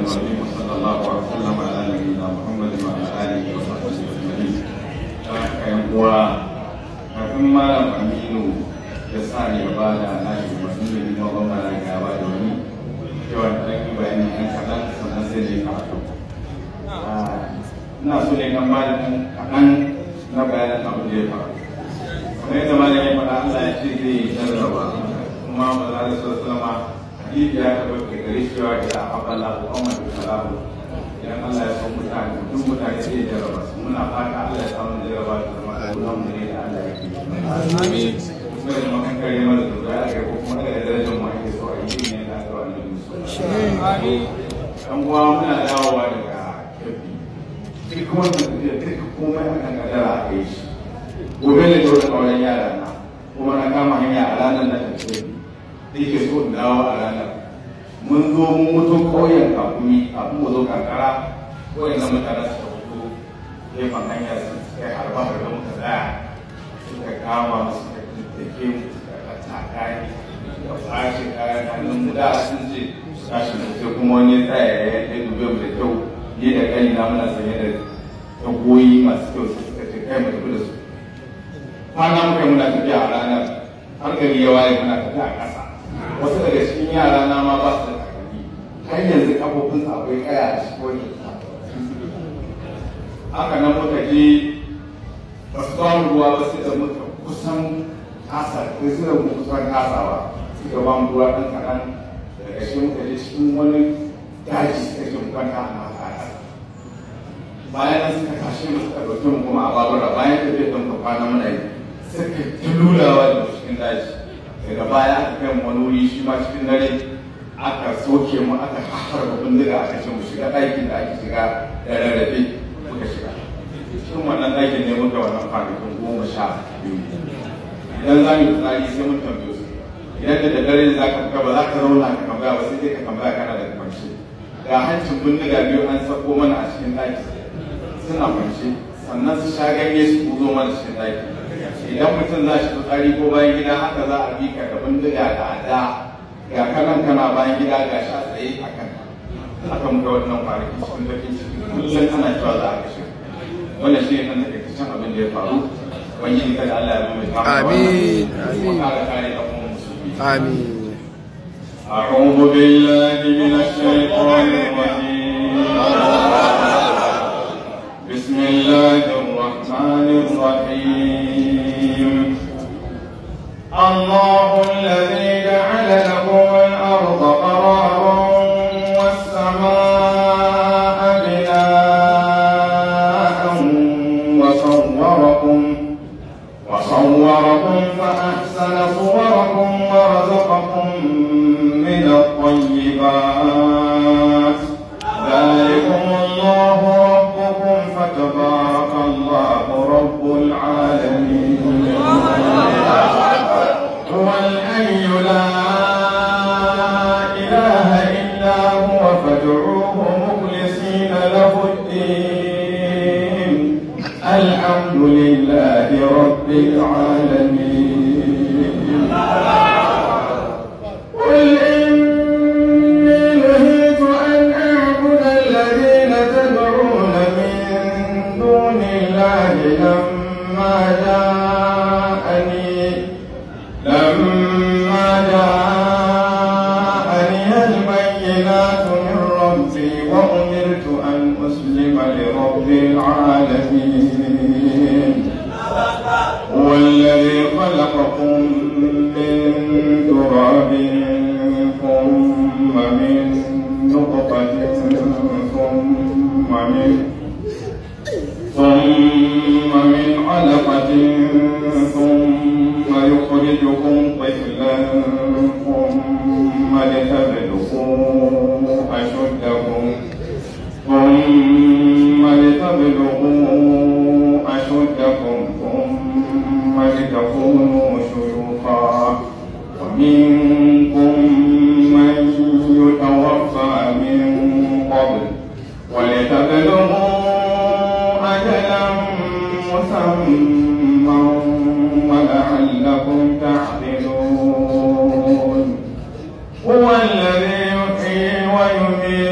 المسلمين وصلى الله وسلم على نبينا محمد وعلى اله وصحبه اجمعين ya sa ya ba da nashi masu da yi mawa mara gaba ina so ne kan malamin kaɗan na bayanin abu da ya faru yadda malamin ya faɗa Allah ya ce zai jarraba kuma ba za hadisi ya tabbata gare shi wa ila abala Muhammad sallallahu idan Allah ya san mutane duk mutane sai jaraba muna fata Allah ya samu jaraba da kuma Allah ne da Allah ya yi amin kuma da makan kare mana da zuwa ga ko kuma da darajar mu ake so a yi ne da zuwa ne amin dan uwa muna dawowa daga kafi duk wannan da duk komai akan kadara a kai shi gobe ne dole auren yara na kuma na kama hanya a ranar da ta ce nake so in dawo a ranar mun zo mun mutu ƙauyen kakumi a mu zo kankara ƙauyen na mutane su fito gefen hanyar su kai harba harba muka tsaya suka kama ka tattake mu suka kata kayi da fashe kayan hannun mu da sun ce tashi mu sai kuma wani tsaya ya yi dube mu da kyau ni da kai na muna sanye da tagoyi masu kyau suka ce kai mu tafi da su kwana muka yi muna tafiya a ranar har gari ya waye muna tafiya a ƙasa wasu daga cikin yara na ma ba su da takalmi har yanzu kafofin akwai kaya a cikin wani haka nan muka je ba su bamu ruwa ba sai da muka kusan kasa sai su da kusan kasawa ba mu ruwa ɗan kaɗan daga shi muka je cikin wani daji da ke kwanta a mata bayan suka tashi mu suka ɗauki mu kuma a babura bayan tafiyar don ka kwana mana yi suka tululawa da cikin daji daga baya aka kai mu wani wuri shi ma cikin dare aka soke mu aka harba bindiga aka ce mu shiga ɗakin da ake shiga da rarrafe muka shiga cikin wannan ɗakin ne muka wannan kwanakin goma sha biyu idan za mu yi tunani sai mun tambaye su idan da daddare za ka fita ba za ka zauna ka tambaya ba sai dai ka tambaya kana da kwanci ga hancin bindiga biyu an sako mana a cikin ɗaki suna kwanci sannan su sha ganye su zo mana cikin ɗaki idan mutum za shi tsari ko bayan gida haka za a bi ka da bindiga da ada ga kanan kana bayan gida ga shi a tsaye a kan haka muka wannan kwanaki cikin bakin ciki kullum ana cewa za a kashe wannan shi ne kan cikin abin da ya faru ubangiji kada Allah ya mai kama amin amin amin أعوذ بالله من الشيطان الرجيم ربكم ورزقكم من الطيبات ذلكم الله ربكم فتبارك الله رب العالمين هو الحي لا إله إلا هو فادعوه مخلصين له الدين الحمد لله رب العالمين ولتبلغوا أجلا مسمى ولعلكم تعقلون هو الذي يحيي ويميت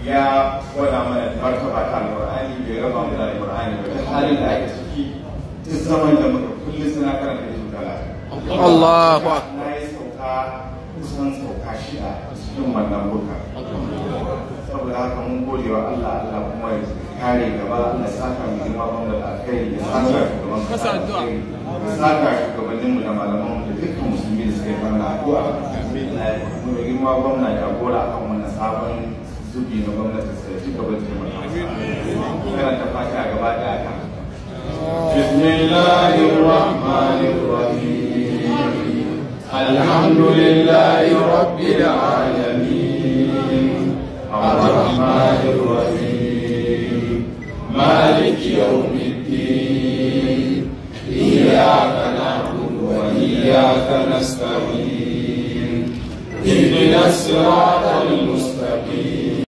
ya gwada mana martaba ta alƙur'ani raba mu da alƙur'ani ba duk halin da da muka kullum suna karanta da shugaba na sauka kusan sauka shida cikin wannan buka haka mun gode wa Allah Allah kuma ya kare gaba Allah a mu girma ban da mu da mu da yi sabon zubi na gwamnatin sarki gabacin mulki karanta fata gaba da aka Bismillahirrahmanirrahim Alhamdulillahi rabbil alamin Arrahmanirrahim Malik yawmiddin Iyyaka na'budu wa iyyaka nasta'in Ihdinas sirata